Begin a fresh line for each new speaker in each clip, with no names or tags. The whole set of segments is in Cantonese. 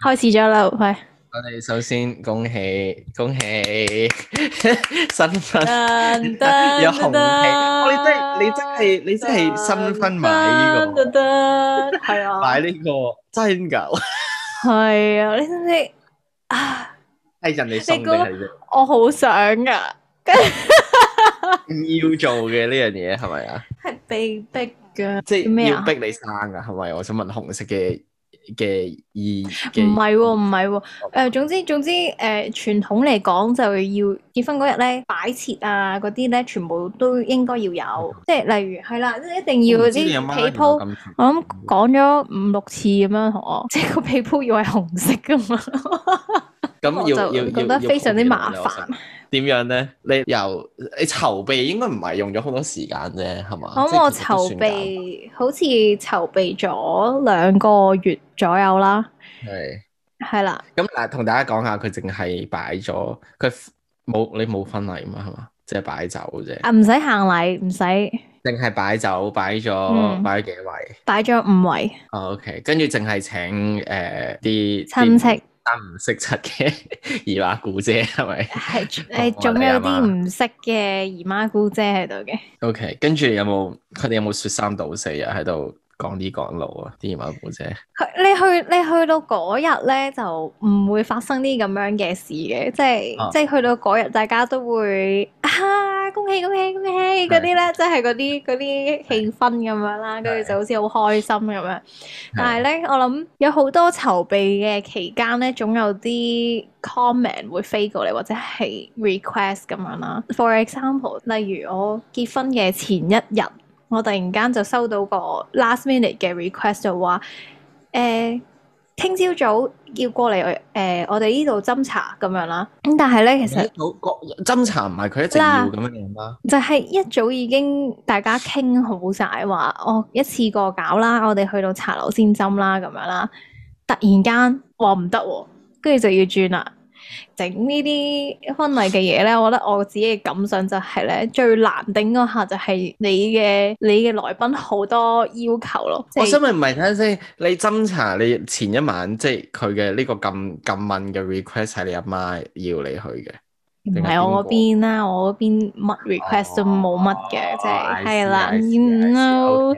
開始咗啦，喂！
我哋首先恭喜恭喜新婚，有紅氣。我你真你真係你真係新婚買呢個，係啊，買呢個真係㗎，係啊，你
識唔識啊？係
人哋送畀你
嘅？我好想㗎，唔
要做嘅呢樣嘢係咪啊？係
被逼㗎，即係要逼
你生㗎，係咪？我想問紅色嘅。嘅
意，唔係喎，唔係喎，誒、哦哦呃，總之總之，誒、呃，傳統嚟講就要結婚嗰日咧擺設啊，嗰啲咧全部都應該要有，嗯、即係例如係啦，即係一定要嗰啲被鋪，我諗講咗五六次咁樣同我，即係個被鋪要係紅色㗎嘛。
咁要要要，你覺得非常之麻煩。點樣咧？你又，你籌備應該唔係用咗好多時間啫，係嘛？咁我籌備
好似籌備咗兩個月左右啦。
係係啦。咁嗱，同大家講下，佢淨係擺咗，佢冇你冇婚禮嘛，係嘛？即係擺酒啫。啊，唔
使行禮，唔使。
淨係擺酒，擺咗擺幾多位？
擺咗五位。
OK 跟住淨係請誒啲親戚。唔識七嘅姨媽姑姐係咪？
係誒，仲 是 有啲唔識嘅姨媽姑姐喺度嘅。
OK，跟住有冇佢哋有冇説三道四啊？喺度。講啲講路啊，啲馬步姐。
佢，你去你去到嗰日咧，就唔會發生啲咁樣嘅事嘅，即係、啊、即係去到嗰日，大家都會啊恭喜恭喜恭喜嗰啲咧，即係嗰啲嗰啲氣氛咁樣啦，跟住是的 就好似好開心咁樣。是的 但係咧，我諗有好多籌備嘅期間咧，總有啲 comment 會飛過嚟，或者係 request 咁樣啦。For example，例如我結婚嘅前一日。我突然間就收到個 last minute 嘅 request，就話誒，聽、欸、朝早要過嚟誒、欸，我哋呢度斟茶咁樣啦。咁但係咧，其實
斟茶唔係佢一直要咁樣嘅嘛。
就係一早已經大家傾好晒話我一次過搞啦，我哋去到茶樓先斟啦咁樣啦。突然間話唔得喎，跟住就要轉啦。整呢啲婚禮嘅嘢咧，我覺得我自己嘅感想就係咧，最難頂嗰下就係你嘅你嘅來賓好多要求咯。就是、 我想問，
唔係睇下先，你斟查你前一晚即係佢嘅呢個咁咁問嘅 request 係你阿媽要你去嘅，唔係我嗰
邊、啊哦啊啊啊、啦，我嗰邊乜 request 都冇乜嘅，即係係啦 no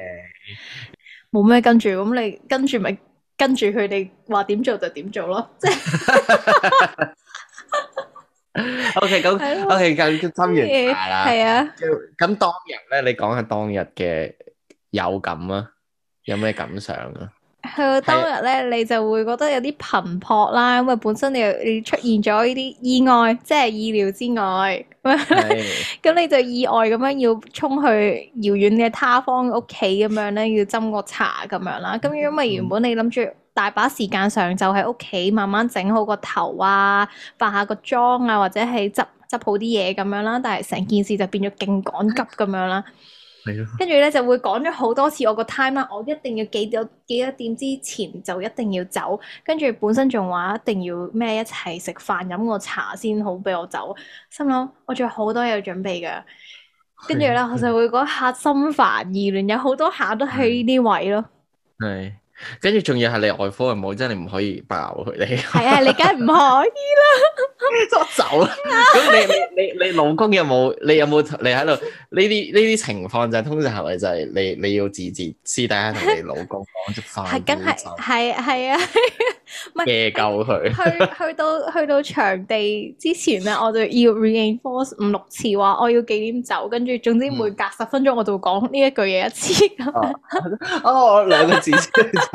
冇咩跟住，咁你跟住咪跟住佢哋話點做就點做咯，即係。
O K，咁 O K，咁斟完茶啦。咁當日咧，你講下當日嘅有感啊，有咩感想啊？
當日咧，你就會覺得有啲頻撲啦，因為本身你你出現咗呢啲意外，即係意料之外。咁 你就意外咁樣要衝去遙遠嘅他方屋企咁樣咧，要斟個茶咁樣啦。咁因為原本你諗住。大把時間上就喺屋企慢慢整好個頭啊，化下個妝啊，或者係執執好啲嘢咁樣啦。但係成件事就變咗勁趕急咁樣啦。跟住咧就會講咗好多次我個 time 啦，我一定要幾多幾多點之前就一定要走。跟住本身仲話一定要咩一齊食飯飲個茶先好俾我走。心諗我仲有好多嘢準備嘅，
跟住咧我就
會嗰下心煩意亂，有好多下都喺呢啲位咯。係。
跟住仲要係你外科係冇，真係唔可以爆佢 你。係
啊，你梗係唔可以啦，咁你走啦。咁你
你你老公有冇？你有冇？你喺度呢啲呢啲情況就係、通常係咪就係你你要自自私底下同你老公講咗翻？係，梗係
係係啊。夜
救佢。
去去到去到場地之前咧，我就要 reinforce 五六次話我要幾點走，跟住總之每隔十分鐘我就講呢一句嘢一次咁。哦、 啊，兩、啊啊啊、個字。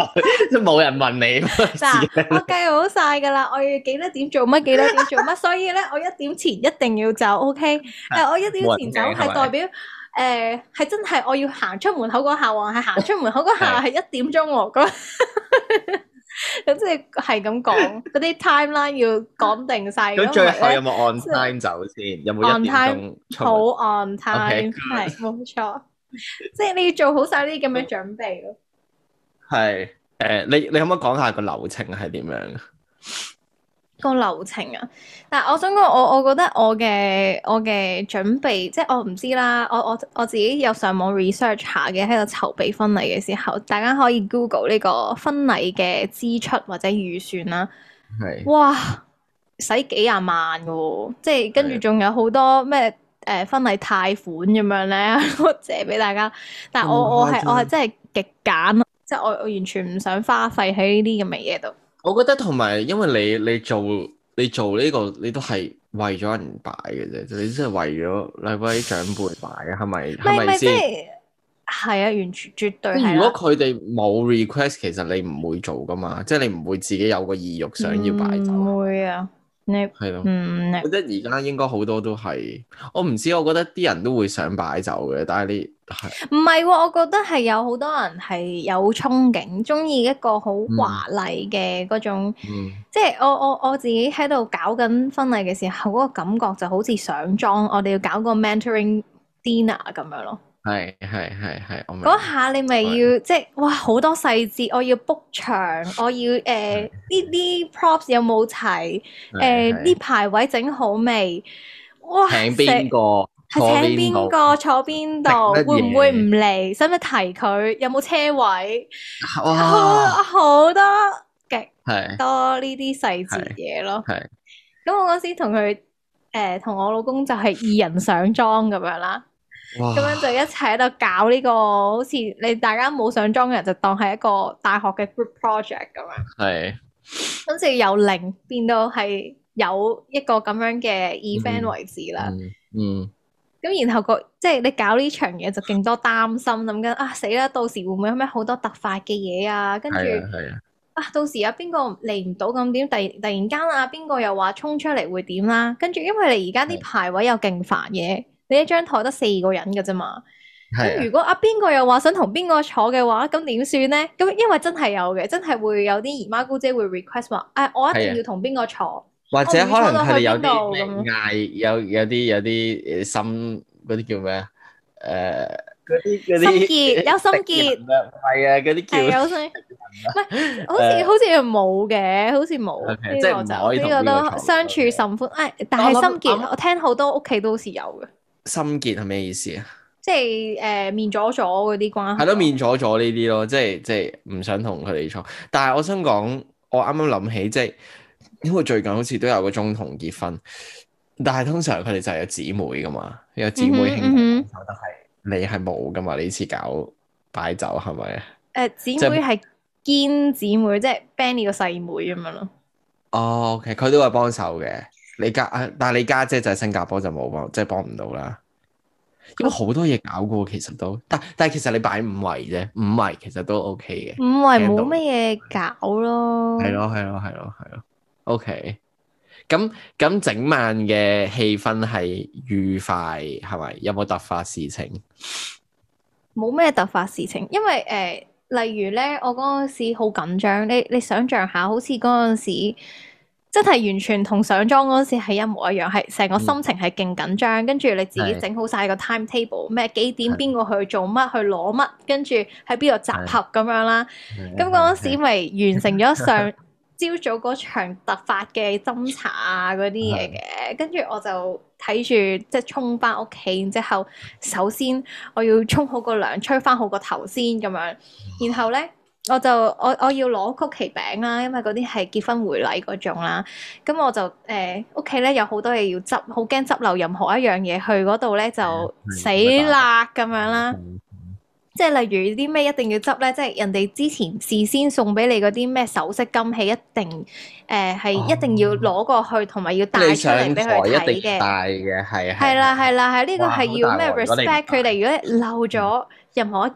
都冇 人問你。 我
計好晒噶啦，我要幾多點做乜，幾多點做乜，所以咧，我一點前一定要走，OK？誒， 我一點前走係代表誒，係、呃、真係我要行出門口嗰下，或係行出門口嗰下係一點鐘咁、啊，咁即係咁講，嗰啲 timeline 要講定晒。咁 最後有冇
按 time 走先？有冇按 time？好
on time，係冇錯，即係、就是、你要做好晒呢啲咁嘅準備咯。
係，誒、呃，你你可唔可以講下個流程係點樣？
個流程啊，但係我想講，我我覺得我嘅、我嘅準備，即係我唔知啦，我我我自己有上網 research 下嘅，喺度籌備婚禮嘅時候，大家可以 Google 呢個婚禮嘅支出或者預算啦。
係是。
哇，使幾廿萬噶，即係跟住仲有好多咩誒婚禮貸款咁樣咧， 我借俾大家。但係我我係我係真係極簡。即係我我完全唔想花費喺呢啲咁嘅嘢度。
我覺得同埋，因為你你做你做呢、這個，你都係為咗人擺嘅啫。你即係為咗你嗰啲長輩擺係咪？係咪
先？係啊，完全絕對係。如果佢
哋冇 request，其實你唔會做噶嘛。即、就、係、是、你唔會自己有個意欲想要擺
酒。唔、嗯、會啊。係
咯、嗯，我覺得而家應該好多都係，我唔知，我覺得啲人都會想擺酒嘅，但係你
係唔係？我覺得係有好多人係有憧憬，中意一個好華麗嘅嗰種，即係、嗯、我我我自己喺度搞緊婚禮嘅時候，嗰個感覺就好似上妝，我哋要搞個 mentoring dinner 咁樣咯。
係係係係，我嗰
下你咪要即係哇，好多細節，我要 book 場，我要誒呢啲 props 有冇齊？誒呢排位整好未？哇，請邊個？
係請邊個
坐邊度？會唔會唔嚟？使唔使提佢？有冇車位？哇，好多極多呢啲細節嘢咯。咁我嗰時同佢誒同我老公就係二人上妝咁樣啦。咁樣就一齊喺度搞呢、這個，好似你大家冇上莊嘅人就當係一個大學嘅 group project 咁樣。
係的，
跟住由零變到係有一個咁樣嘅 event 為止啦。嗯。咁然後個即係你搞呢場嘢就勁多擔心諗緊啊死啦，到時會唔會有咩好多突發嘅嘢啊？跟住啊，到時啊邊個嚟唔到咁點？突突然間啊邊個又話衝出嚟會點啦？跟住因為你而家啲排位又勁煩嘢。你一張台得四個人㗎咋嘛，咁如果啊邊個又話想同邊個坐嘅話，咁點算咧？咁因為真係有嘅，真係會有啲姨媽姑姐會 request 話，誒，我一定要同邊個坐，或者可能係有啲
嗌，有有啲有啲心嗰啲叫咩？誒，嗰
啲啲心結有心結，
唔係啊，嗰啲
叫心結，好似好似冇嘅，好似冇。即係唔可以同都相處甚歡，誒，但係心結，我聽好多屋企都好似有嘅。
心結係咩意思
啊？即係誒、呃，面咗咗嗰啲關係係
咯， 面咗咗呢啲咯，即係即係唔想同佢哋嘈。但係我想講，我啱啱諗起，即係因為最近好似都有個中同結婚，但係通常佢哋就係有姊妹噶嘛，有姊妹慶祝，但係你係冇噶嘛？你次搞擺酒係咪
啊？誒，姊、呃、妹係兼姊妹，就是嗯、即係 Benny 個細妹咁樣咯。
哦，OK，佢都會幫手嘅。你家啊，但係你家姐就喺新加坡就冇幫，即係幫唔到啦。因為好多嘢搞噶喎，其實都，但但係其實你擺五圍啫，五圍其實都 O K 嘅。五圍冇
乜嘢搞咯。係咯
係咯係咯係咯。O K，咁咁整晚嘅氣氛係愉快係咪？有冇突發事情？
冇咩突發事情，因為誒、呃，例如咧，我嗰陣時好緊張。你你想象下，好似嗰陣時。真係完全同上莊嗰時係一模一樣，係成個心情係勁緊張，跟住你自己整好晒個 timetable，咩幾點邊個的去做乜去攞乜，跟住喺邊度集合咁的樣啦。咁嗰陣時咪完成咗上朝早嗰場突發嘅偵查嗰啲嘢嘅，的跟住我就睇住即係衝翻屋企，然之後首先我要沖好個涼，吹翻好個頭先咁樣，然後咧。我就我我要攞曲奇餅啦，因為嗰啲係結婚回禮嗰種啦。咁、嗯、我就誒屋企咧有好多嘢要執，好驚執漏任何一樣嘢去嗰度咧就死啦咁、嗯嗯、樣啦。嗯、即係例如啲咩一定要執咧，即係人哋之前事先送俾你嗰啲咩首飾金器，一定誒係、呃、一定要攞過去，同埋要帶出嚟俾佢睇嘅。帶
嘅係呀，係
啦係啦，係呢哇個係要咩 respect 佢哋，嗯、如果漏咗任何一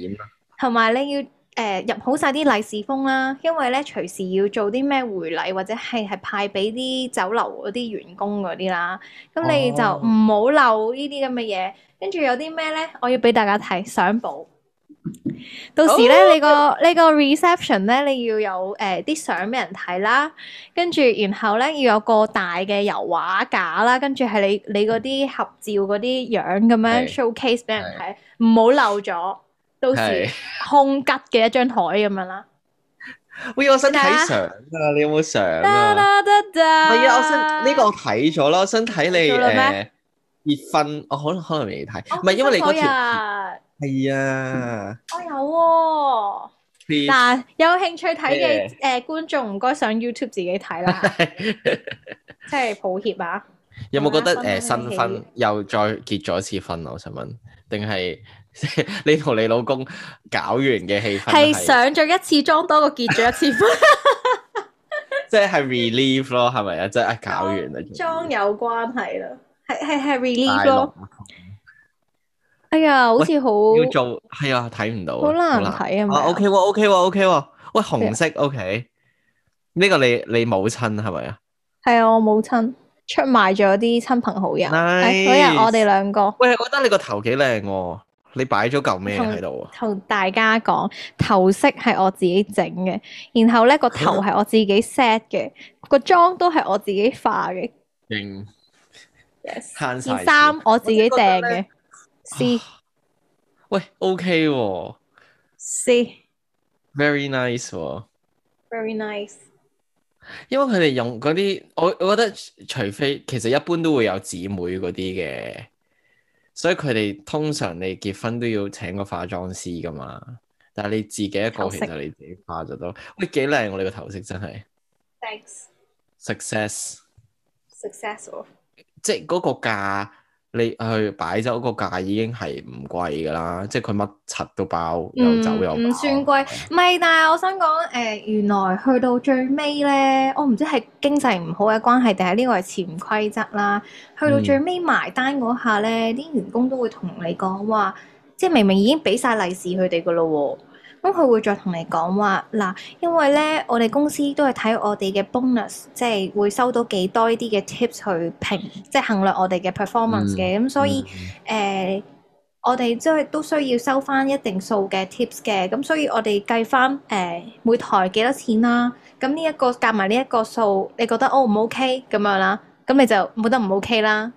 件，同埋、嗯、你要。誒、呃，入好晒啲利是封啦，因為咧隨時要做啲咩回禮或者係係派俾啲酒樓嗰啲員工嗰啲啦，咁、哦、你就唔好漏呢啲咁嘅嘢。跟住有啲咩咧，我要俾大家睇相簿。
到時咧、哦，你
個呢個 reception 咧，你要有誒啲相俾人睇啦。跟住然後咧，要有個大嘅油畫架啦，跟住係你你嗰啲合照嗰啲樣咁樣 showcase 俾是人睇，唔好是漏咗。到時空吉嘅一張台咁樣啦。喂，我想睇相
啊，你有冇相啊？得
得係啊，我想呢個我
睇咗咯，想睇你誒結婚，我可能可能未睇，唔係因為你嗰條係啊，
我有喎。嗱，有興趣睇嘅誒觀眾唔該上 YouTube 自己睇啦，即係抱歉啊。
有冇覺得誒新婚又再結咗一次婚？我想問，定係？ 你同你老公搞完嘅氣氛係上
咗一次妝，多過結咗一次婚，
即係 relieve 咯，係咪啊？即係搞完啦，
妝有關係啦，係係係 relieve 咯。哎呀，好似好要
做，係難啊，睇唔到，好難睇啊嘛。OK，OK，OK，、okay 哦 okay 哦、喂，紅色 OK，呢、這個你你母親係咪啊？
係啊，我母親出賣咗啲親朋好友，嗰日 Nice、哎、我哋兩個。
喂，我覺得你個頭幾靚。你擺咗嚿咩喺度啊？
同大家講頭飾係我自己整嘅，然後咧個頭係我自己 set 嘅，啊、個妝都係我自己化嘅。勁 yes
件衫我
自己訂嘅。C，是、啊、
喂，OK 喎、啊。是 very nice 喎、啊。
very nice。
因為佢哋用嗰啲，我我覺得除非其實一般都會有姊妹嗰啲嘅。所以佢哋通常你結婚都要請個化妝師㗎嘛，但係你自己一個頭飾其實你自己化就都，你幾靚，我哋個頭飾真係。
Thanks.
Success.
Successful.
即係嗰個價。你去擺酒個價已經係唔貴㗎啦，即係佢乜柒都包，又酒又唔、嗯、
算貴，唔係。但係我想講誒、呃，原來去到最尾咧，我唔知係經濟唔好嘅關係，定係呢個係潛規則啦。去到最尾埋單嗰下咧，啲、嗯、員工都會同你講話，即係明明已經俾晒利是佢哋㗎咯喎。咁佢會再同你講話嗱，因為咧我哋公司都係睇我哋嘅 bonus，即係會收到幾多啲嘅 tips 去評，即係衡量我哋嘅 performance 嘅。咁、嗯、所以誒、嗯呃，我哋即係都需要收翻一定數嘅 tips 嘅。咁所以我哋計翻誒、呃、每台幾多錢啦、啊。咁呢一個夾埋呢一個數，你覺得 O 唔 O K 咁樣啦、啊？咁你就冇得唔 O K 啦。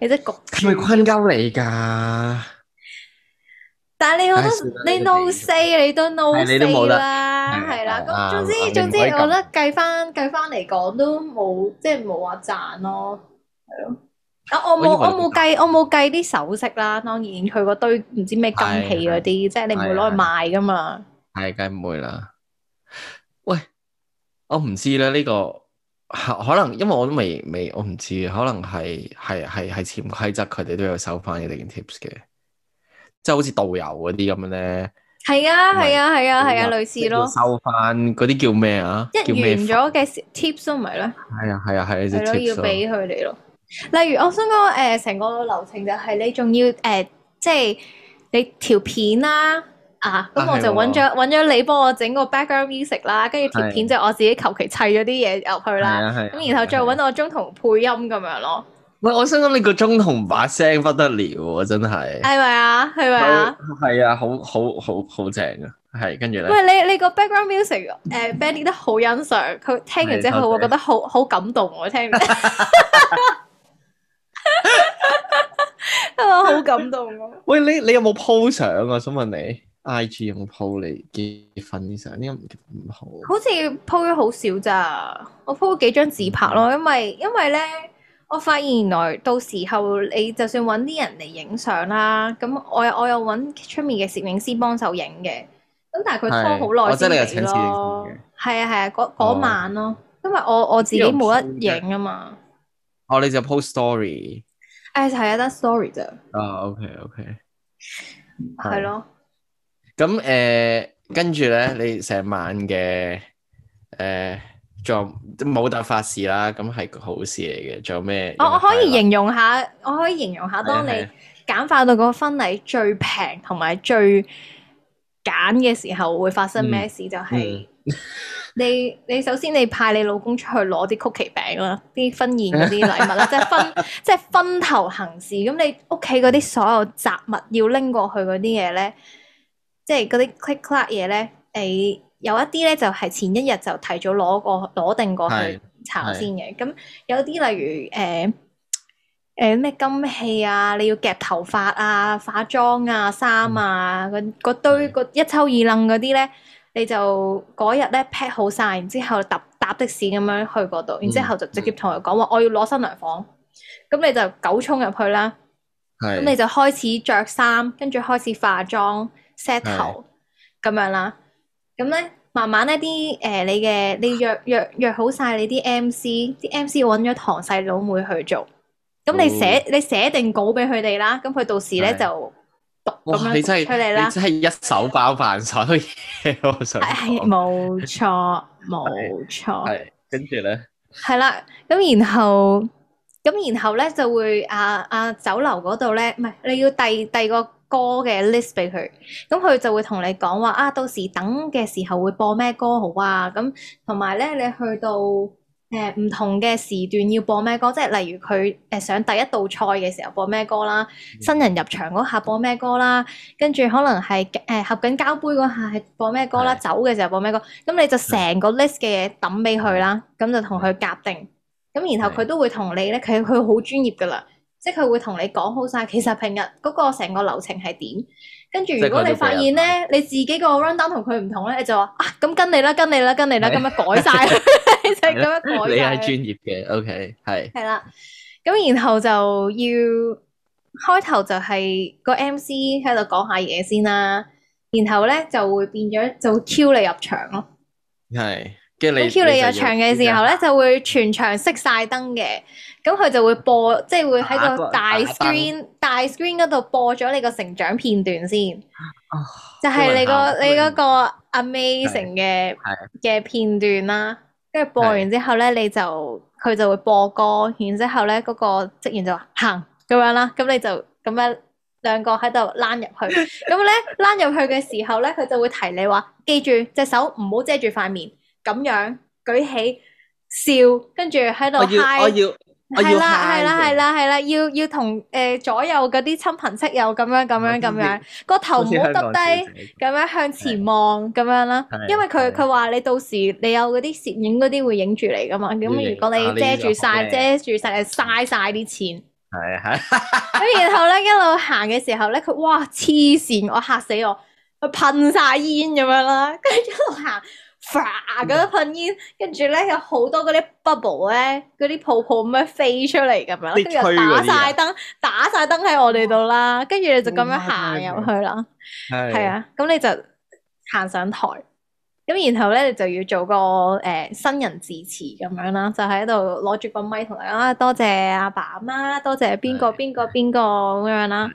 你即係焗？
係咪困鳩嚟㗎？
但係你覺得你 no 四你都 no 四啦，係啦。咁總之總之，我覺得計翻計翻嚟講都冇，即係冇話賺咯，係咯。啊，我冇我冇計，我冇計啲首飾啦。當然佢個堆唔知咩金器嗰啲，即係的你唔會攞去賣噶嘛，
係梗唔會啦。喂，我唔知咧呢個可能，因為我都未未，我唔知，可能係係係係潛規則，佢哋都有收翻一定 tips 嘅。即係好似導遊嗰啲咁嘅，咧，
係啊，係啊，係啊，係啊，類似咯，
收翻嗰啲叫咩啊？一完咗
嘅 tips 都唔係咧，
係啊，係啊，係咯，要俾
佢哋咯。例如，我想講誒，成個流程就係你仲要誒，即係你條片啦啊，咁我就揾咗揾咗你幫我整個 background music 啦，跟住條片就我自己求其砌咗啲嘢入去啦，咁然後再揾我中途配音咁樣咯。喂，我相信你
個鐘同把聲不得了，真係
係咪啊？係咪啊？
係啊，好好好好正啊！係跟住咧，喂，你
你個 background music 誒，Bandy 都好欣賞，佢聽完之後會 覺得好好感動，我聽，啊， 好感動
啊！喂，你你有冇 po 相啊？想問你，IG 用 po 嚟結婚相，呢個唔
好，好似 po 咗好少咋，我 po 咗幾張自拍咯，因為因為咧。我發現原來到時候你就算揾啲人嚟影相啦，咁我我又揾出面嘅攝影師幫手影嘅，咁但係佢拖好耐先嚟咯。係啊係啊，嗰嗰、啊、晚咯、啊，哦、因為我我自己冇得影啊嘛。
哦，你就 post story，
就係啊得 story 啫。
啊、oh，OK OK，係咯、 啊。咁誒，跟住咧，你成晚嘅誒。呃仲冇得發事啦，咁係好事嚟嘅。仲有咩？
我我可以形容下，我可以形容下，當你簡化到個婚禮最平同埋最簡嘅時候，會發生咩事？嗯、就係你、嗯、你首先你派你老公出去攞啲曲奇餅啦，啲婚宴嗰啲禮物啦，即係 分即係、即係、分頭行事。咁你屋企嗰啲所有雜物要拎過去嗰啲嘢咧，即係嗰啲 quick clap 嘢咧，你。有一啲咧就係前一日就提早攞個攞定過去查先嘅，咁有啲例如誒誒咩金器啊，你要夾頭髮啊、化妝啊、衫啊嗰堆一抽二愣嗰啲咧，你就嗰日咧 pack 好晒，然之後搭搭的士咁樣去嗰度，然之後就直接同佢講話，我要攞新娘房，咁係你就狗衝入去啦，
咁係你就
開始着衫，跟住開始化妝 set 頭咁樣啦。咁咧，慢慢咧啲誒，你嘅你約約約好曬你啲 MC，啲 MC 揾咗堂細佬妹去做。
咁你寫
你寫定稿俾佢哋啦。咁佢到時咧就
讀咁樣出嚟啦。你真係一手包辦所有嘢，我想。係，
冇錯，冇錯。係，跟住咧。係啦，咁然後，咁然後咧就會啊啊酒樓嗰度咧，唔係你要第第個。歌嘅 list 俾佢，咁佢就會同你講話啊。到時等嘅時候會播咩歌好啊？咁同埋咧，你去到誒唔、呃、同嘅時段要播咩歌，即係例如佢誒上第一道菜嘅時候播咩歌啦，嗯、新人入場嗰下播咩歌啦，跟住可能係誒、呃、合巹交杯嗰下係播咩歌啦，的走嘅時候播咩歌。咁你就成個 list 嘅嘢抌俾佢啦，咁、嗯、就同佢夾定咁，然後佢都會同你咧，佢佢好專業噶啦。即係佢會同你講好晒，其實平日嗰個成個流程係點，跟住如果你發現咧你自己個 rundown 同佢唔同咧，你就話啊咁跟你啦，跟你啦，跟你啦，咁是的 樣改晒，的 就咁樣改。你係專
業嘅，OK 係。
係啦，咁然後就要開頭就係個 MC 喺度講下嘢先啦，然後咧就會變咗就會 cue 你入場咯，
係。Q，你入場嘅時候咧，
就會全場熄晒燈嘅。咁佢、啊、就會播，即、就、係、是、會喺個大 screen、啊啊、大 screen 嗰度播咗你個成長片段先，哦、就係你個你個 amazing 嘅嘅對片段啦。跟住播完之後咧，對你就佢就會播歌，然之後咧嗰、那個職員就話行咁樣啦。咁你就咁樣兩個喺度躝入去。咁咧躝入去嘅時候咧，佢就會提你話記住隻手唔好遮住塊面。咁樣舉起笑，跟住喺度嗨。我要，h 係啦係啦係啦係啦，要要同誒、呃、左右嗰啲親朋戚友咁樣咁樣咁樣，個頭唔好耷低，咁樣向前望咁樣啦。因為佢佢話你到時你有嗰啲攝影嗰啲會影住你噶嘛。咁的如果你遮住晒的遮住晒，嘥晒啲錢。係咁是的， 然後咧一路行嘅時候咧，佢哇黐線，我嚇死我，佢噴晒煙咁樣啦，跟住一路行。 嘩！嗰啲噴煙，跟住咧有好多嗰啲 bubble 咧，嗰啲泡泡咁樣飛出嚟，咁樣，跟住又打晒燈，打晒燈喺我哋度啦。跟住，哇你就咁樣行入去啦，
係哇啊。
咁、啊啊、你就行上台，咁然後咧你就要做個誒、呃、新人致辭咁樣啦，就喺度攞住個咪同你啊，多謝阿爸阿媽，多謝邊個邊個邊個咁樣啦。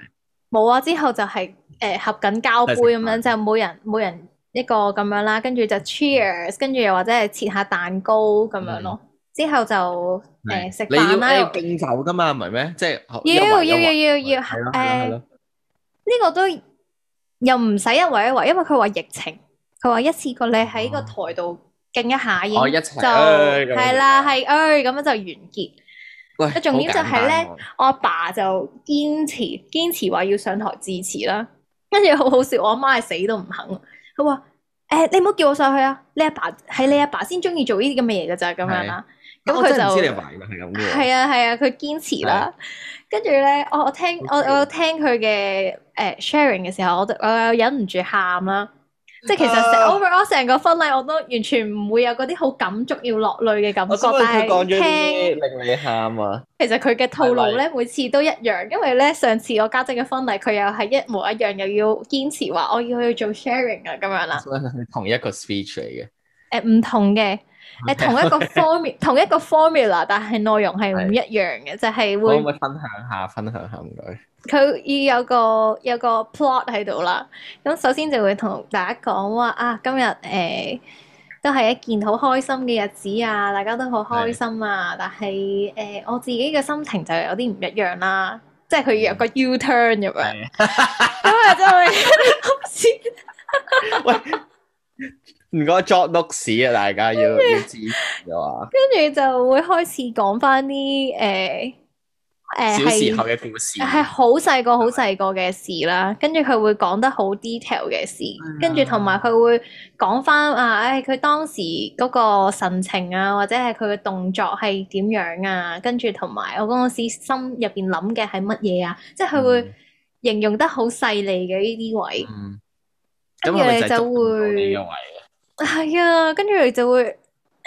冇的啊，之後就係、是、誒、呃、合緊交杯咁樣，就每人每人。每人每人一個咁樣啦，跟住就 cheers，跟住又或者係切下蛋糕咁樣咯。之後就誒食飯啦，要
敬酒噶嘛，唔係咩？即係要要要
要要誒，呢個都又唔使一圍一圍，因為佢話疫情，佢話一次過你喺個台度敬一下，一齊就係啦，係誒咁樣就完結。喂，重點就係咧，我阿爸就堅持堅持話要上台致辭啦，跟住好好笑，我阿媽係死都唔肯。佢話：誒、欸，你唔好叫我上去啊！你阿爸係你阿爸先中意做呢啲咁嘅嘢㗎咋。的」咁樣啦。咁佢就你係啊，係啊，佢堅持啦。跟住咧，我聽我，我聽我我聽佢嘅誒 sharing 嘅時候，我我忍唔住喊啦。即係其實成 overall，我成個婚禮我都完全唔會有嗰啲好感觸要落淚嘅感覺。但係佢講咗啲令
你喊啊。
其實佢嘅套路咧，每次都一樣，因為咧上次我家姐嘅婚禮，佢又係一模一樣，又要堅持話我要去做 sharing 啊，咁樣啦。
同一個 speech 嚟嘅。
誒，唔同嘅，
誒，同一個 formula，
同一個 formula，但係內容係唔一樣嘅，就係會。可唔
可以分享下？分享下唔該。
佢有個有個 plot 喺度啦，咁首先就會同大家講話啊，今日誒、呃、都係一件好開心嘅日子啊，大家都好開心啊，的但係誒、呃、我自己嘅心情就有啲唔一樣啦，即係佢有個 U-turn 咁樣，咁就開始
喂唔該作碌屎啊，大家要要知，係
跟住就會開始講翻啲誒。呃哎、小時候嘅故事，係好細個好細個嘅事啦，跟住佢會講得好 detail 嘅事，哎、呀跟住同埋佢會講翻啊，誒、哎、佢當時嗰個神情啊，或者係佢嘅動作係點樣啊，跟住同埋我嗰陣時心入邊諗嘅係乜嘢啊，即係佢會形容得好細膩嘅呢啲位，
跟住你就會
係啊，跟住你就會。哎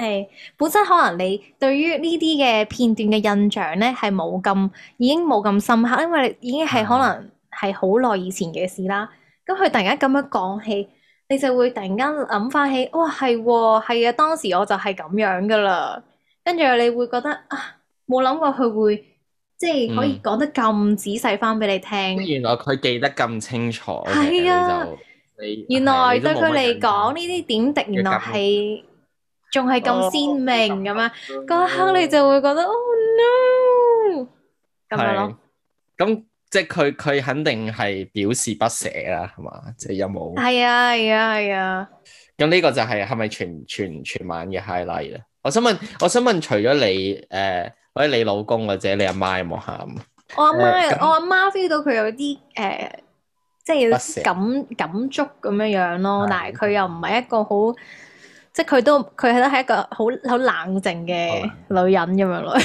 係本身可能你對於呢啲嘅片段嘅印象咧，係冇咁已經冇咁深刻，因為已經係可能係好耐以前嘅事啦。咁佢、嗯、突然間咁樣講起，你就會突然間諗翻起，哇係係啊，啊，當時我就係咁樣㗎啦。跟住你會覺得啊，冇諗過佢會即係可以講得咁仔細翻俾你聽，嗯。
原來佢記得咁清楚。係啊，原來、嗯、原來對佢嚟
講呢啲點滴，原來係金。仲係咁鮮明咁啊！嗰、哦哦、刻你就會覺得哦、oh, no 咁樣
咯。咁即係佢佢肯定係表示不捨啦，係嘛？即係有冇？係啊
係啊係啊！
咁呢、啊啊、個就係係咪全全全，全晚嘅 highlight 啦？我想問，我想問，除咗你誒，或、呃、者你老公或者你阿媽有冇喊？
我阿媽， 嗯、我阿媽 feel 到佢有啲誒、呃，即係感捨感觸咁樣樣咯。但係佢又唔係一個好。即係佢都佢都係一個好好冷靜嘅女人咁樣咯。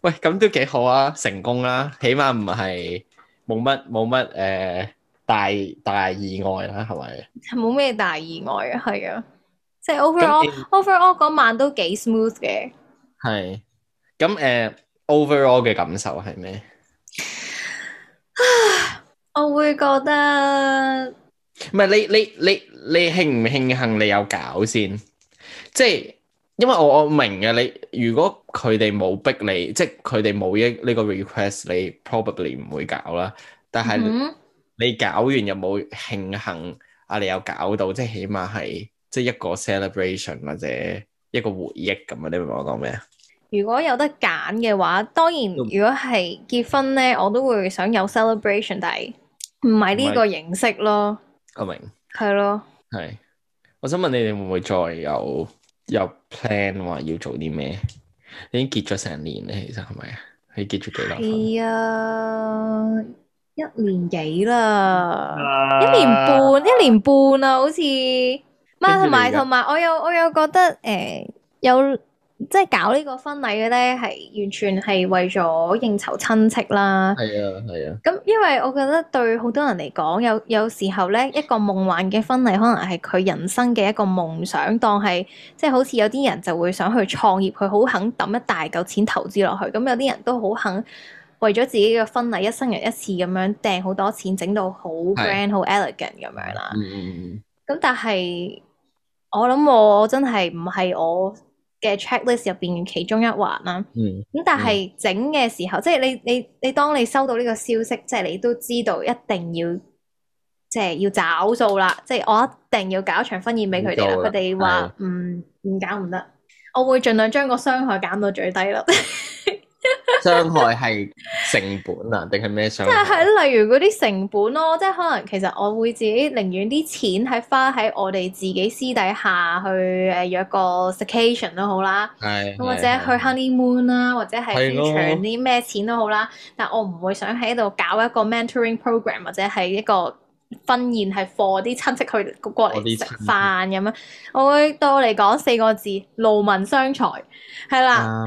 喂，咁都幾好啊，成功啦，起碼唔係冇乜冇乜誒大大意外啦，係咪？
冇咩大意外啊，係啊，即係 overall overall 嗰晚都幾 smooth 嘅。
係，咁誒，overall 嘅感受係咩？
啊，我會覺得。
唔係你你你你慶唔慶幸你有搞先？即係因為我我明嘅，你，如果佢哋冇逼你，即係佢哋冇一呢個 request，你 probably 唔會搞啦。但係你、嗯、你搞完有冇慶幸啊？你有搞到，即係起碼係即係一個 celebration 或者一個回憶咁啊？你明唔明我講咩啊？
如果有得揀嘅話，當然如果係結婚咧，我都會想有 celebration，但係唔係呢個形式咯。我明，係咯，
係，我想問你，你哋會唔會再有有 plan 話要做啲咩？已經結咗成年咧，其實係咪啊？你結咗幾耐？係
啊，一年幾啦，一年半，一年半啦，好似，嘛，同埋同埋，我有我有覺得誒，有。即係搞呢個婚禮嘅咧，係完全係為咗應酬親戚啦。
係啊，
係啊。咁因為我覺得對好多人嚟講，有有時候咧，一個夢幻嘅婚禮可能係佢人生嘅一個夢想，當係即係好似有啲人就會想去創業，佢好肯抌一大嚿錢投資落去。咁有啲人都好肯為咗自己嘅婚禮，一生人一次咁樣掟好多錢，整到好 grand 的、好 elegant 咁樣啦。咁、嗯、但係我諗我真係唔係我。嘅 checklist 入邊其中一環啦，咁、嗯、但係整嘅時候，嗯、即係你你你，你當你收到呢個消息，即係你都知道一定要，即係要找數啦，即係我一定要搞一場婚宴俾佢哋啦。佢哋話唔唔搞唔得，我會盡量將個傷害減到最低啦。
傷害係成本啊？定係咩傷害？即
係例如嗰啲成本咯，即係可能其實我會自己寧願啲錢喺花喺我哋自己私底下去誒約個 vacation 都好啦，
咁或者去
honeymoon 啦，或者係存啲咩錢都好啦。但我唔會想喺度搞一個 mentoring program 或者係一個婚宴係 for 啲親戚去過嚟食飯咁樣。我會到嚟講四個字：勞民傷財。係啦。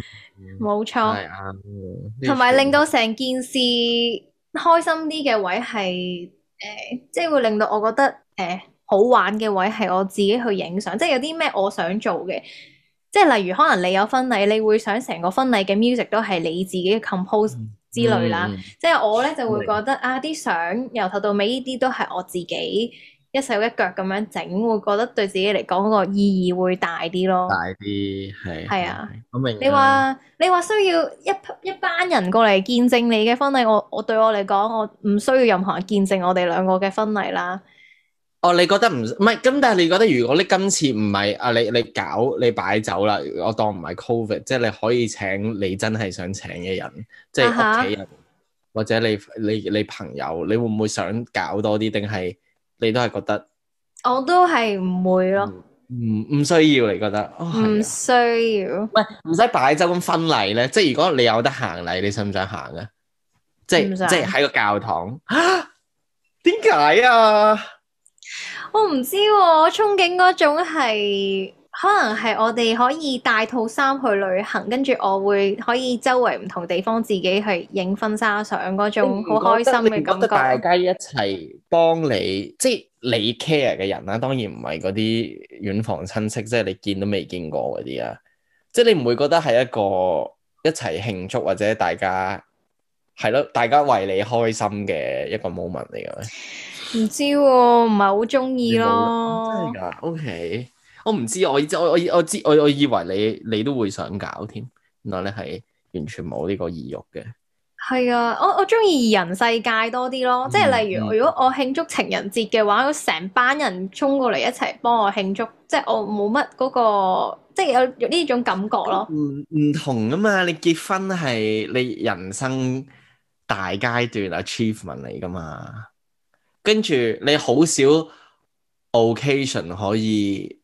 冇錯，係啱，同埋令到成件事開心啲嘅位係，誒、呃，即係會令到我覺得，誒、呃，好玩嘅位係我自己去影相，即係有啲咩我想做嘅，即係例如可能你有婚禮，你會想成個婚禮嘅 music 都係你自己嘅 compose 之類啦，嗯嗯嗯、即係我咧就會覺得、嗯、啊，啲相由頭到尾呢啲都係我自己。一手一腳咁樣整，會覺得對自己嚟講個意義會大啲咯。大啲係。係啊，好的明你。你話你話需要一一班人過嚟見證你嘅婚禮，我我對我嚟講，我唔需要任何人見證我哋兩個嘅婚禮啦。
哦，你覺得唔唔係咁？但係你覺得如果你今次唔係啊，你你搞你擺酒啦，我當唔係 Covid，即係你可以請你真係想請嘅人，即係屋企人、啊、哈或者你你你，你朋友，你會唔會想搞多啲定係？你都係覺得，
我都係唔會咯，
唔唔需要你覺得，唔、
哦啊、需要，
唔唔使擺酒咁婚禮咧，即係如果你有得行禮，你想唔想行啊？即係用即係喺個教堂啊？點解啊？
我唔知、啊，我憧憬嗰種係。可能係我哋可以帶套衫去旅行，跟住我會可以周圍唔同地方自己去影婚紗相嗰種，好開心嘅感覺。你覺得，你覺得大
家一齊幫你，即係你 care 嘅人啦，當然唔係嗰啲遠房親戚，即係你見都未見過嗰啲啊。即係你唔會覺得係一個一齊慶祝或者大家係咯，大家為你開心嘅一個 moment 嚟嘅
咩？唔知喎，啊，唔係好中意咯。
真係㗎？OK。Okay. 我唔知，我我我我知，我我，我以為你你都會想搞添，原來你係完全冇呢個意欲嘅。
係啊，我我中意二人世界多啲咯，即係例如，如果我慶祝情人節嘅話，成班人衝過嚟一齊幫我慶祝，即係我冇乜嗰個，即係有呢種感覺咯。
唔唔同啊嘛，你結婚係你人生大階段啊，achievement 嚟噶嘛，跟住你好少 occasion 可以。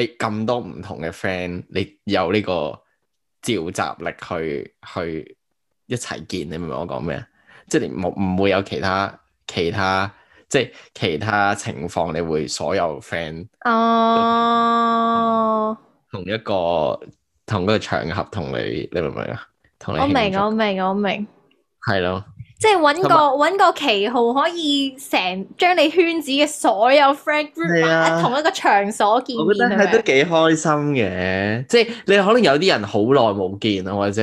你咁多唔同嘅 friend，你有呢個召集力去去一齊見，你明唔明我講咩啊？即係你冇唔會有其他其他即係其他情況，你會所有 friend
哦、oh、
同一個同一個場合同你，你明唔明啊？同你我，我明，我
明，我明，
係咯。
即係揾個揾有個旗號，可以成將你圈子嘅所有 friend group 喺、啊、同一個場所見面，係我覺得係都
幾開心嘅， 即係你可能有啲人好耐冇見啊，或者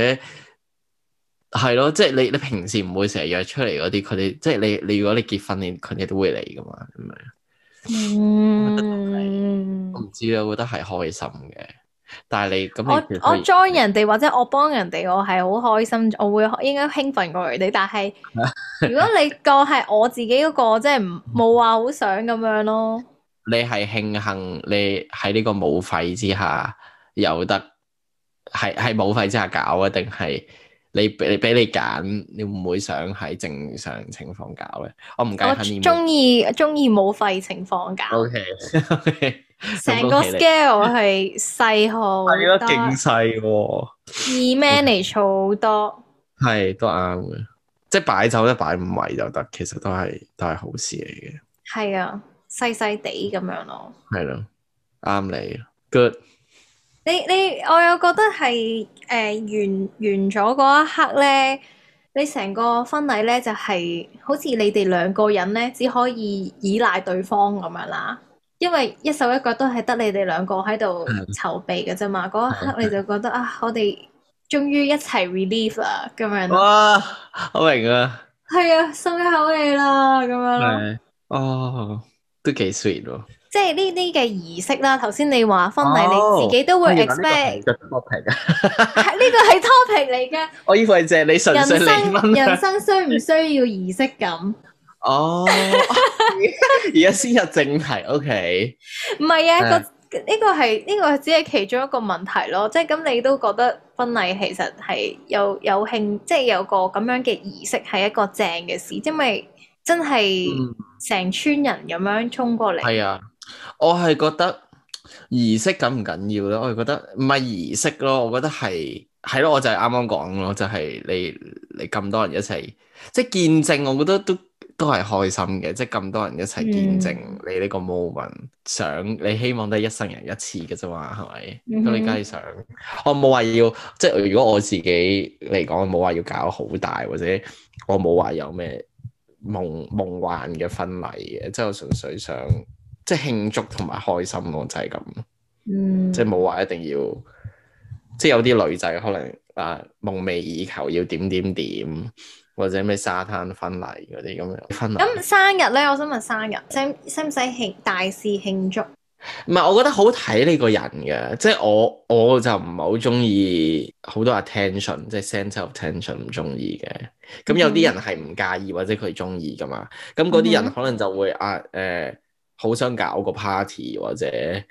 係咯、啊，即係你你平時唔會成日約出嚟嗰啲，佢哋即係你你如果你結婚，你佢哋都會嚟噶嘛，係咪？嗯，
我
唔知啊，我覺得係開心嘅。但係你咁，我我 join
人哋或者我幫人哋，我係好開心，我會應該興奮過佢哋。但係如果你講係我自己嗰個，即係唔冇話好想咁樣咯。
你係慶幸你喺呢個冇廢之下有得係係舞廢之下搞啊？定係你俾你俾你揀，你唔會想喺正常情況搞咧？我唔介意。我中
意中意冇廢情況搞。
O K。成個 scale
係細好多，係咯， 勁
細，
易 manage 好多，
係都啱嘅，即係擺酒咧，擺唔埋就得，其實都係都係好事嚟嘅，
係啊，細細地咁樣咯，
係咯，啱你，good，
你你，我又覺得係誒、呃、完完咗嗰一刻咧，你成個婚禮咧就係、是、好似你哋兩個人咧只可以依賴對方咁樣啦。因為一手一腳都係得你哋兩個喺度籌備嘅啫嘛，嗰一刻你就覺得啊，我哋終於一齊 relief 啦咁樣。哇，
好明啊！
係啊，鬆一口氣啦咁樣咯。
哦，都幾 sweet 咯。
即係呢啲嘅儀式啦。頭先你話婚禮你自己都會 expect。呢個係 topic 嚟嘅。
我以為就係你純粹人生人生
需唔需要儀式感？哦，
而家先入正題，OK？唔係啊，
哎個呢個係呢個只係其中一個問題咯。即係咁，你都覺得婚禮其實係有有興，即係有個咁樣嘅儀式係一個正嘅事，因為真係成村人咁樣衝過嚟。係、
嗯、啊，我係覺得儀式緊唔緊要咯？我係覺得唔係儀式咯，我覺得係係咯，我就係啱啱講咯，就係你你咁多人一齊，即係見證，我覺得都。都係開心嘅，即係咁多人一齊見證你呢個 moment，Yeah. 想你希望都係一生人一次嘅啫嘛，係咪？咁 Yeah. 你梗係想，我冇話要，即係如果我自己嚟講，我冇話要搞好大，或者我冇話有咩夢夢幻嘅婚禮嘅，即我純粹想即係慶祝同埋開心咯，我就係咁，Yeah. 即係冇話一定要，即係有啲女仔可能啊夢寐以求要點點點。或者咩沙灘婚禮嗰啲咁樣，婚禮咁
生日咧，我想問生日使使唔使慶大肆慶祝？
唔係，我覺得好睇你個人嘅，即係我我就唔係好中意好多 attention，即 attention，即係 sense of tension 唔中意嘅。咁有啲人係唔介意、嗯、或者佢中意噶嘛？咁嗰啲人可能就會啊誒，好、呃、想搞個 party 或者誒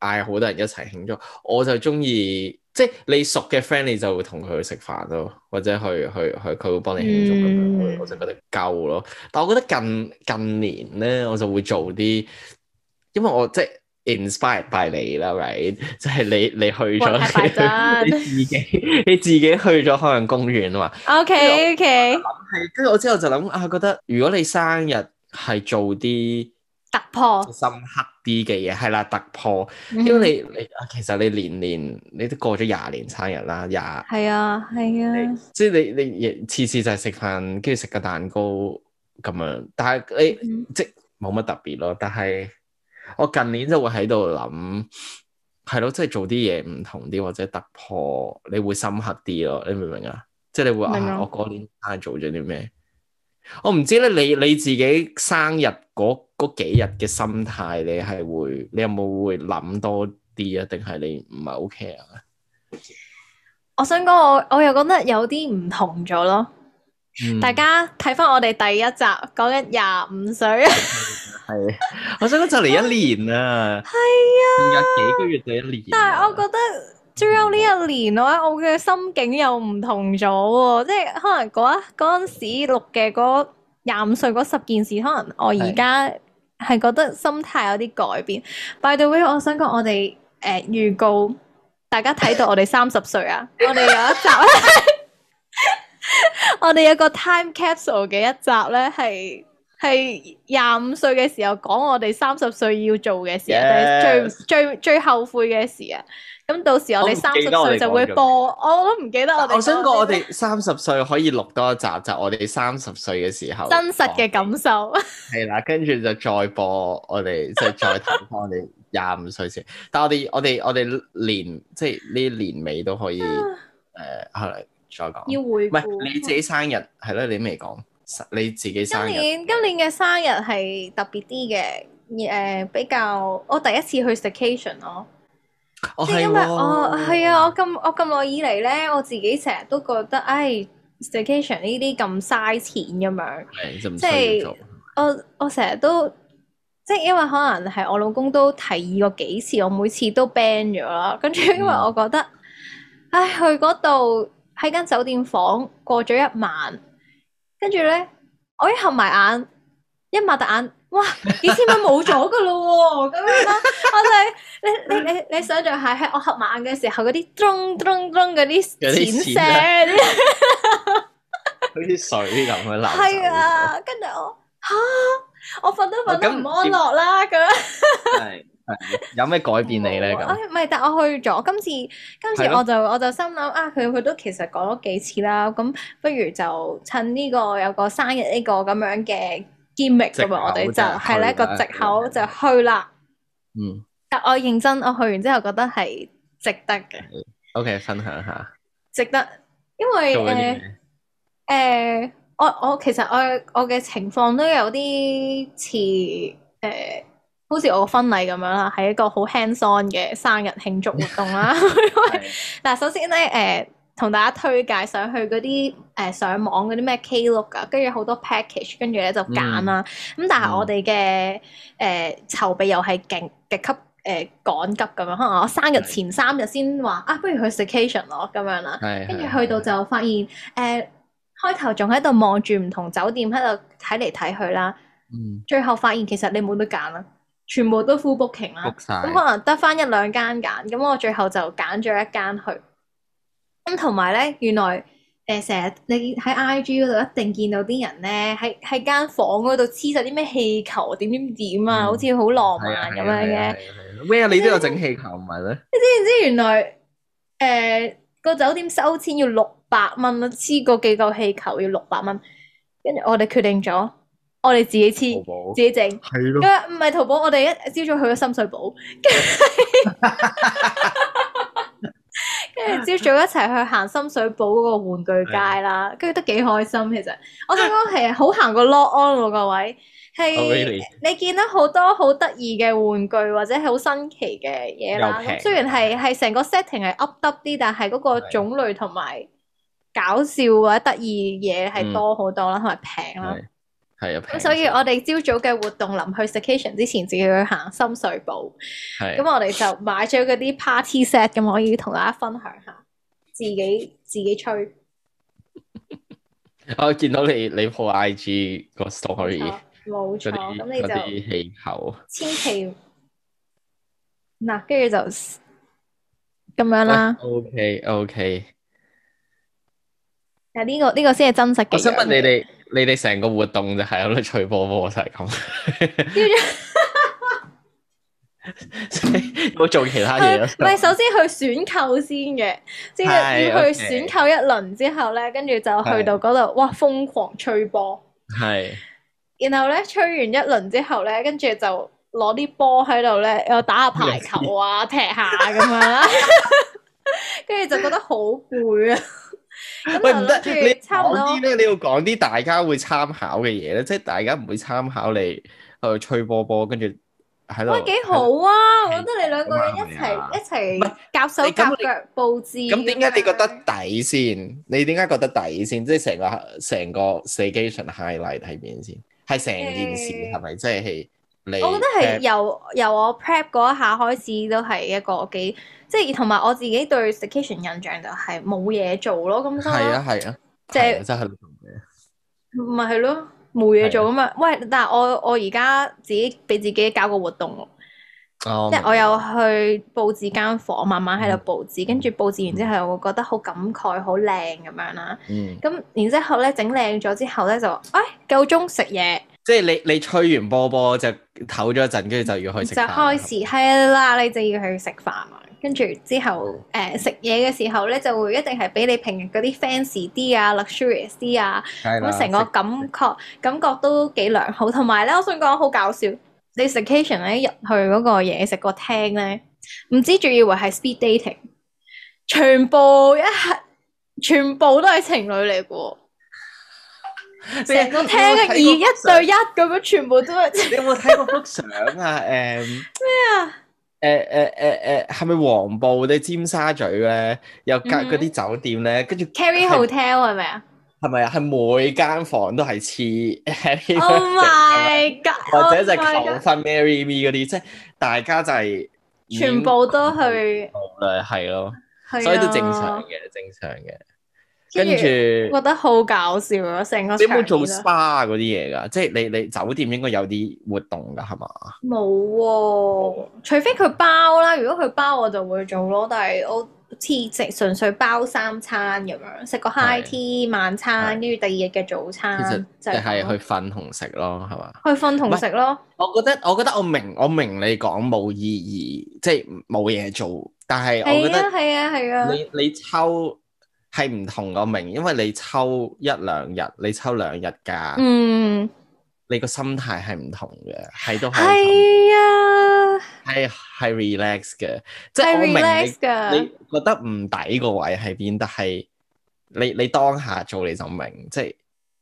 嗌好多人一齊慶祝。我就中意。即係你熟嘅 friend，你就會同佢去食飯咯，或者去去去，佢會幫你慶祝咁樣，我就覺得夠咯。但我覺得近近年咧，我就會做啲，因為我即係 inspired by 你啦，right？就係你你去咗，你自己你自己去咗海洋公園啊嘛。
OK OK。跟
住我之後就諗啊，覺得如果你生日係做啲。
突破深刻
啲嘅嘢係啦，突破，嗯、因為你你其實你年年你都過咗廿年生日啦，廿係啊係啊，即係、啊、你你，你次次就係食飯跟住食個蛋糕咁樣，但係你、嗯、即冇乜特別咯。但係我近年就會喺度諗，係咯，即、就、係、是、做啲嘢唔同啲或者突破，你會深刻啲咯。你明唔明啊？即係你會啊，我嗰年生日做咗啲咩？我唔知咧，你你自己生日嗰嗰幾日嘅心態，你係會，你有冇會諗多啲啊？定係你唔係 OK 啊？
我想講，我我又覺得有啲唔同咗咯。嗯、
大家
睇翻我哋第一集講緊廿五歲啊，
係， 我想講就嚟一年啦，係啊，有幾個月就一年，
但係我覺得。最後呢一年咯，我嘅心境又唔同咗喎，即係可能嗰嗰陣時錄嘅嗰廿五歲嗰十件事，可能我而家係覺得心態有啲改變。的 By the way，我想講我哋誒預告，大家睇到我哋三十歲啊， 我哋有一集， 我哋有個 time capsule 嘅一集咧，係係廿五歲嘅時候講我哋三十歲要做嘅事 Yes.，最最最後悔嘅事啊！咁到時我哋三十歲就會播，我都唔記得我哋。我，我，我想講我哋
三十歲可以錄多一集，就是，我哋三十歲嘅時候，真
實嘅感受。
係啦，跟住就再播我哋， 即係再睇翻我哋廿五歲先。但係我哋我哋我哋年，即係呢年尾都可以，誒、 呃，係再講。要回顧，唔係你自己生日係啦？你未講，你自己生日？生日今
年今年嘅生日係特別啲嘅，誒，比較我第一次去 station 咯。
即係因為我係啊，
我咁我咁耐以嚟咧，我自己成日都覺得，唉，staycation 呢啲咁嘥錢咁樣，即係我我成日都，即係因為可能係我老公都提議過幾次，我每次都 ban 咗啦。跟住因為我覺得，嗯、唉，去嗰度喺間酒店房過咗一晚，跟住咧我一合埋眼，一擘大眼。哇！幾千蚊冇咗噶咯？喎，咁樣啦，我哋、就係、你你你你想象下，喺我合埋眼嘅時候嗰啲咚咚咚嗰啲閃閃嗰啲，
好似水咁嘅流。係
啊，跟住、 啊、我吓、啊，我瞓都瞓得唔安樂啦咁。係係，
有咩改變你咧？咁
唔係，但我去咗今次，今次我就的我就心諗啊，佢佢都其實講咗幾次啦，咁不如就趁呢、呢個有個生日呢個咁樣嘅。揭秘噶嘛，我哋就係咧個藉口，就去啦。吧去
嗯，
但我認真，我去完之後覺得係值得嘅。
嗯、o、okay, K，分享下，
值得，因為誒誒、呃，我我其實我我嘅情況都有啲似誒，好似我婚禮咁樣啦，係一個好輕鬆嘅生日慶祝活動啦。嗱， 首先咧誒。呃同大家推介上去嗰啲誒上網嗰啲咩 Klook 啊，跟住好多 package，跟住咧就揀啦。咁、嗯、但係我哋嘅誒籌備又係極極級誒趕急咁樣，可能我生日前三日先話是啊，不如去 staycation 咯咁樣啦。跟住是去到就發現誒開頭仲喺度望住唔同酒店喺度睇嚟睇去啦。嗯、最後發現其實你冇得揀啦，全部都 full booking 啦，咁可能得返一兩間揀。咁我最後就揀咗一間去。咁同埋咧，原來誒，成、呃、日你喺 I G 嗰度一定見到啲人咧，喺喺間房嗰度黐晒啲咩氣球，點點點啊，好似好浪漫咁樣嘅。
咩 啊？你都有整氣球唔係
咩？你知唔知原來誒個、呃、酒店收錢要六百蚊啊，黐個幾嚿氣球要六百蚊。跟住我哋決定咗，我哋自己黐，寶自己整。係咯的，唔係淘寶，我哋一朝早去咗深水埗。 跟住朝早一齊去行深水埗嗰個玩具街啦，跟住 都幾開心。其實我想講係好行過樂安喎，個位係 你見到好多好得意嘅玩具或者係好新奇嘅嘢啦。雖然係係成個 setting 係 up up 啲，但係嗰個種類同埋搞笑， 或者得意嘢係多好多 啦，同埋平啦。
咁、嗯、所以，
我哋朝早嘅活動臨去 station 之前，自己去行深水埗。係的。咁我哋就買咗嗰啲 party set，咁可以同大家分享下，自己自己吹。
我見到你你 po I G 個 story，冇錯。咁你就啲氣球千
祈嗱，跟住就咁樣啦。O K O
K。啊，呢、啊 okay, okay
啊呢個呢、呢個先係真實嘅。我想問你哋。
你哋成個活動就係喺度吹波波，就係、是、咁。有 冇道 做其他嘢唔係，首
先去選購先嘅，即係要去選購一輪之後咧，跟住就去到嗰度，Hey. 哇！瘋狂吹波。
係。
Hey. 然後咧吹完一輪之後咧，跟住就攞啲波喺度咧，又打下排球啊，踢下咁樣啦。跟住 就覺得好攰啊！喂唔得，你差唔多啲咧，
你要講啲大家會參考嘅嘢咧，即係大家唔會參考你去吹波波，跟住喺度。喂，幾
好啊！我覺得你兩個人一齊一齊，唔夾手夾腳佈置。咁點解你覺得抵
先？你點解覺得抵先？即係成個成個 situation highlight 喺邊先？係成件事係咪？即係。我覺得係由
由我 prep 嗰一下開始都係一個幾即係，同埋我自己對 station 印象就係冇嘢做咯，咁樣，係啊係啊，即係真係冇嘢。唔係係咯，冇嘢做咁嘛。喂，但係我我而家自己俾自己搞個活動，即係我有去佈置間房，慢慢喺度佈置，跟住佈置完之後，我覺得好感慨，好靚咁樣啦。咁然之後咧整靚咗之後咧就話，哎，夠鐘食嘢。
即係你你吹完波波就唞咗一陣，跟住就要去食。就開
始係啦，你就要去食飯嘛。跟住之後，誒食嘢嘅時候咧，就會一定係比你平日嗰啲 fancy 啲啊，luxurious 啲啊。咁成、啊、了個感覺吃感覺都幾良好。同埋咧，我想講好搞笑，你 staycation 咧入去嗰個嘢食個廳咧，唔知仲以為係 speed dating，全部一，全部都係情侶嚟嘅。成日都聽啊，二一對一咁樣，全部都。你有冇
睇過幅相啊？誒，咩啊？誒誒誒誒，係咪黃埔定尖沙咀咧？有隔嗰啲酒店咧，跟住 Kerry
Hotel 係咪
啊？係咪啊？係每間房都係似 oh
my god！或者就求婚
Marry me 啲，即係大家就係全部都去。係咯，
所以都正常嘅，正常嘅。跟住，覺得好搞笑啊。成個你冇做 SPA
嗰啲嘢㗎，即係你你酒店應該有啲活動㗎係嘛？冇
喎、哦，除非佢包啦。如果佢包我就會做咯，但係我黐食純粹包三餐咁樣，食個 high tea 晚餐，跟住第二日嘅早餐，即係
去瞓同食咯，係嘛？
去瞓同食咯我。
我覺得我覺得我明我明你講冇意義，即係冇嘢做。但係我覺得係
啊係啊係啊！啊啊你
你，你抽。係唔同個明，因為你抽一兩日，你抽兩日假，嗯，你個心態係唔同嘅，係都係係啊，係係 relax 嘅，即係我明你，你覺得唔抵位個位喺邊，但係你你當下做你就明，即係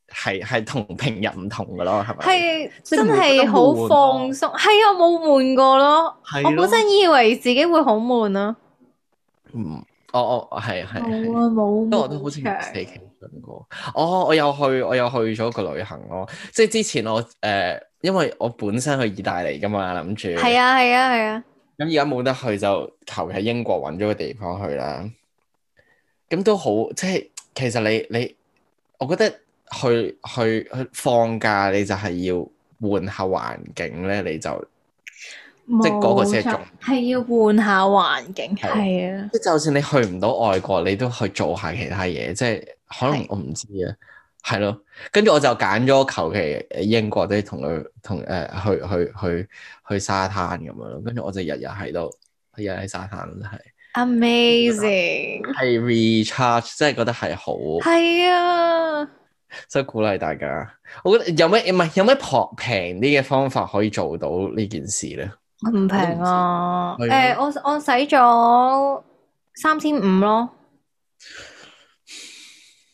係係同平日唔同噶咯，係咪？係
真係好放鬆，係啊，冇悶過咯，啊、我本身以為自己會好悶啊，嗯。
我我係係，冇啊冇，因
為我都好似唔睇
劇本過。哦，我有去，我有去咗個旅行咯。即係之前我誒，因為我本身去意大利噶嘛，諗住。係
啊係啊係啊。
咁而家冇得去，就求其喺英國揾咗個地方去啦。咁都好，即係其實你你，我覺得去去去放假，你就係要換下環境呢，你就。
即係嗰個先係係要換下環境，係啊的！即的
就算你去唔到外國，你都去做下其他嘢，即係可能我唔知啊，係咯的的。跟住我就揀咗求其英國，即同佢同誒去去去去，去沙灘咁樣咯。跟住我就日日喺度，日日喺沙灘都係
amazing，係
recharge，即係覺得係好，係
啊的！
即係鼓勵大家，我覺得有咩唔係有咩平平啲嘅方法可以做到呢件事咧？
唔平啊！誒，我我使咗三千五咯，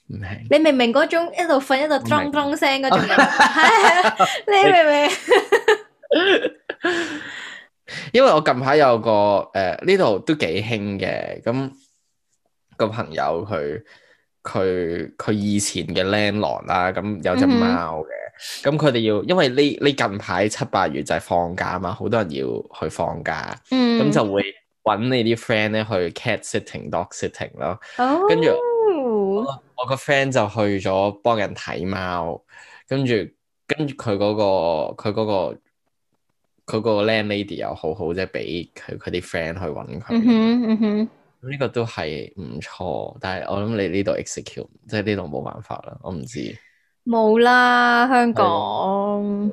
唔平。你明明嗰種，一路瞓，一路咚咚聲嗰種，你明唔明？
因為我近排有個誒，呢度都幾興嘅，咁個朋友佢佢佢以前嘅靚郎啦，咁有隻貓嘅。咁佢哋要，因為呢呢近排七八月就係放假嘛，好多人要去放假，咁、嗯、就會揾你啲 friend 咧去 cat sitting、dog sitting 咯。哦、跟住我個 friend 就去咗幫人睇貓，跟住跟住佢嗰個佢嗰、嗰個佢、嗰個靚 lady 又好好，即係俾佢佢啲 friend 去揾佢、嗯。嗯呢個都係唔錯，但係我諗你呢度 execute，即係呢度冇辦法啦，我唔知。
冇啦，香港。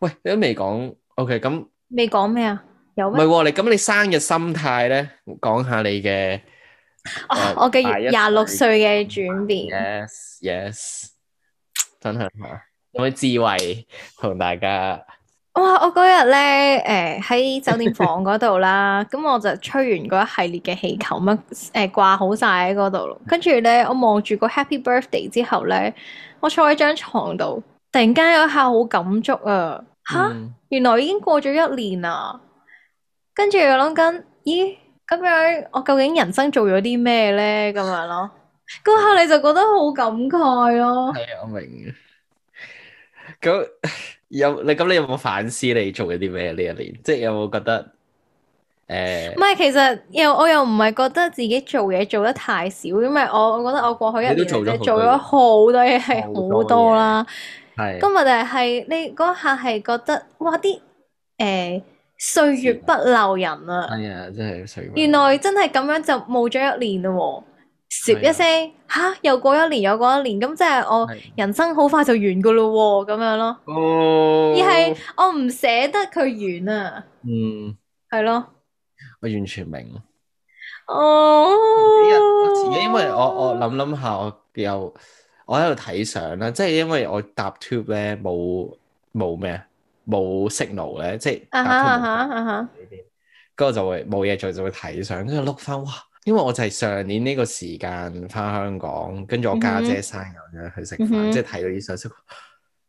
喂，你都未講，OK？咁未講咩啊？有咩？唔
係喎，你咁你生日心態咧，講下你嘅，我嘅廿六歲
嘅轉變。Yes，yes
yes。分享下有咩智慧同大家？
哇！我嗰日咧，誒、呃、喺酒店房嗰度啦，咁我就吹完嗰一系列嘅氣球，乜、呃、啊，誒掛好晒喺嗰度。跟住咧，我望住個 Happy Birthday 之後咧，我坐喺張床度，突然間有一下好感觸啊！吓、啊，原來已經過咗一年啦、啊。跟住我諗緊，咦，咁樣我究竟人生做咗啲咩咧？咁樣咯，嗰下你就覺得好感慨咯、啊。係
啊，我明咁有你咁，你有冇反思你做咗啲咩呢一年？即係有冇覺得誒？唔、欸、係，
其實又我又唔係覺得自己做嘢做得太少，因為我我覺得我過去一年我做咗好多嘢，係好多啦。係的今日就係呢嗰刻係覺得，哇！啲誒歲月不留人啊！
哎、呀真係歲月，原
來真係咁樣就冇咗一年啦、啊。攝一聲吓的又過一年又過一年咁即係、哦的哦、我人生好快就完噶咯咁樣咯，而係我唔捨得佢完啊，
嗯，
係咯的，
我完全明哦，因為我我諗諗下我又我喺度睇相啦，即係因為我搭 tube 咧冇冇咩冇 signal 咧，即係啊哈啊哈啊哈，跟住、啊、哈就會冇嘢做就會睇相，跟住碌 o 翻哇。因為我就係上年呢個時間返香港，跟住我家姐,姐生日咧去食飯，mm hmm. 即係睇到呢首息，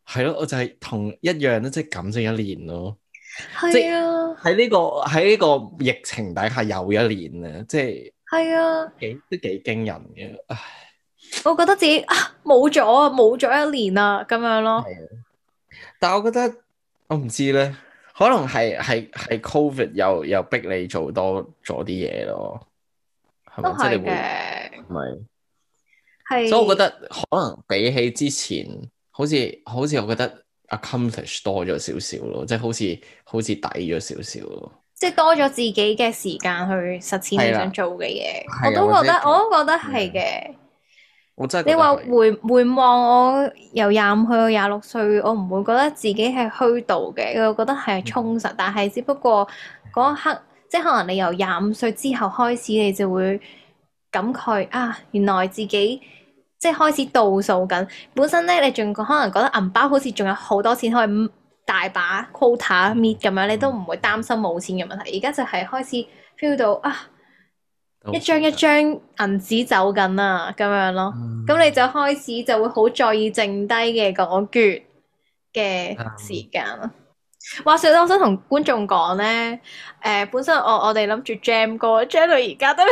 係咯、mm hmm. 啊，我就係同一樣咧，即係感性一年咯，
即啊，
喺呢、這個喺呢個疫情底下又一年啊，即係係啊，都幾驚人嘅，唉
我覺得自己啊冇咗啊，冇咗一年啊，咁樣咯，
啊、但係我覺得我唔知咧，可能係係係 COVID 又又逼你做多咗啲嘢咯。都係嘅，
係，所以我覺得
可能比起之前，好似好似我覺得 accomplish 多咗少少咯，即係好似好似抵咗少少，
即係多咗自己嘅時間去實踐你想做嘅嘢。的我都覺得，我都覺得係嘅。
我真係，你
話回回望我由廿五去到廿六歲，我唔會覺得自己係虛度嘅，我覺得係充實。嗯，但係只不過嗰一刻。即係可能你由廿五歲之後開始，你就會感慨啊，原來自己即係開始倒數緊。本身咧，你仲可能覺得銀包好似仲有好多錢可以大把 quota 搣咁樣，你都唔會擔心冇錢嘅問題。而家就係開始 feel 到啊，一張一張銀紙走緊啊，咁樣咯。咁你就開始就會好在意剩低嘅嗰個嘅時間咯。嗯嗯。話說，我想同觀眾講咧。誒、呃，本身我我哋諗住 jam 歌，jam 到而家都未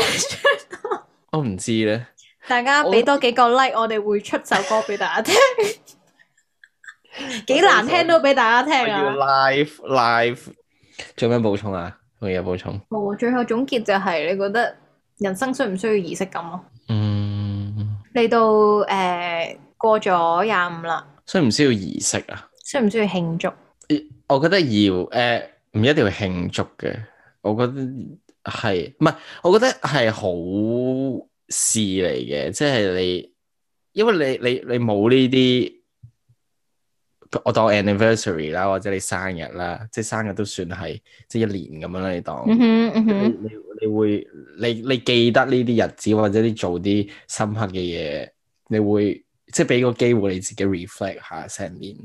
我唔知咧。
大家俾我 多，多幾個 like， 我哋會出首歌俾大家聽。幾難聽都俾大家聽啊！要
live live，做咩補充啊？我有補充？
我、哦、最後總結就係、是，你覺得人生需唔需要儀式感咯？嗯。嚟到誒、呃、過咗廿五啦，
需唔需要儀式啊？
需唔需要慶祝？
我覺得要誒，唔、呃、一定要慶祝嘅。我覺得係，唔係，我覺得係好事嚟嘅。即係你，因為你你你冇呢啲，我當 anniversary 啦，或者你生日啦，即係生日都算係即係一年咁樣啦。你當、mm hmm, mm hmm. 你你，你會你你記得呢啲日子，或者你做啲深刻嘅嘢，你會即係俾個機會你自己 reflect 下成年。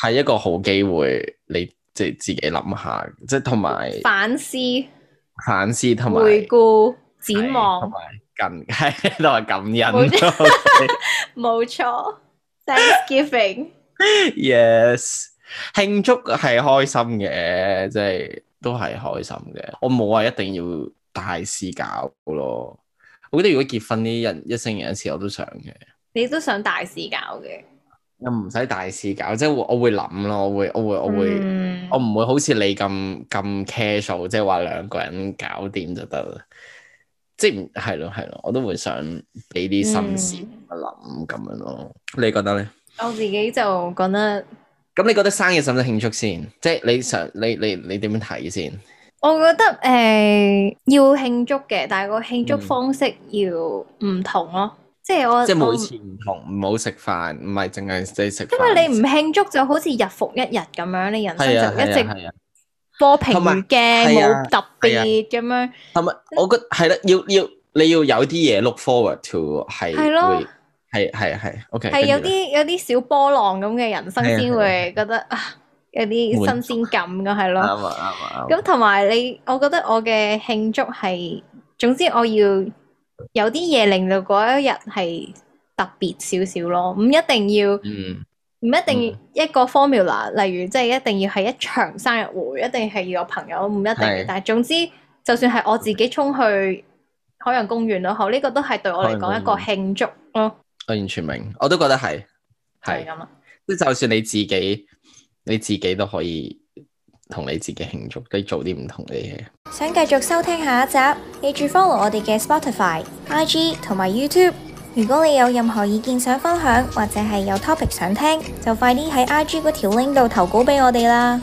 係一個好機會，你即係自己諗下，即係同埋反思、反思同埋回
顧顧是展望，
同埋近係都係感恩。
冇錯 ，Thanksgiving，Yes，
慶祝係開心嘅，即係都係開心嘅。我冇話一定要大肆搞咯，我覺得如果結婚呢，人一生人嘅時候都想嘅，
你都想大肆搞嘅。
又唔使大事搞，即係我我會諗咯，我會我會我會、嗯、我唔會好似你咁咁 casual，即係話兩個人搞掂就得啦，即係係咯係咯，我都會想俾啲心思去諗咁樣咯。你覺得咧？
我自己就覺得，
咁你覺得生意使唔使慶祝先？即係你想你你你點樣睇先？
我覺得誒、呃、要慶祝嘅，但係個慶祝方式要唔同咯、啊。嗯即係我即係每次
唔同，唔好食飯，唔係淨係即係食。因
為你唔慶祝就好似日復一日咁樣，你人生就一直波平無驚，冇特別咁樣。
同埋我覺係啦，要要你要有啲嘢 look forward to 係係係係 OK 係有啲
有啲小波浪咁嘅人生先會覺得啊有啲新鮮感噶係咯啱啱咁同埋你，我覺得我嘅慶祝係，總之我要。有啲嘢令到嗰一日係特別少少咯，唔一定要，嗯，唔一定一個 formula，例如即係一定要係一、嗯、一,一場生日會，一定係要有朋友，唔一定，是但係總之，就算係我自己衝去海洋公園都好，呢、這個都係對我嚟講一個慶祝咯。嗯、我
完全明，我都覺得係係咁，即就算你自己，你自己都可以。同你自己慶祝，可以做啲唔同嘅嘢。
想繼續收聽下一集，記住 follow 我哋嘅 Spotify、IG 同埋 YouTube。如果你有任何意見想分享，或者係有 topic 想聽，就快啲喺 IG 嗰條 link 度投稿俾我哋啦。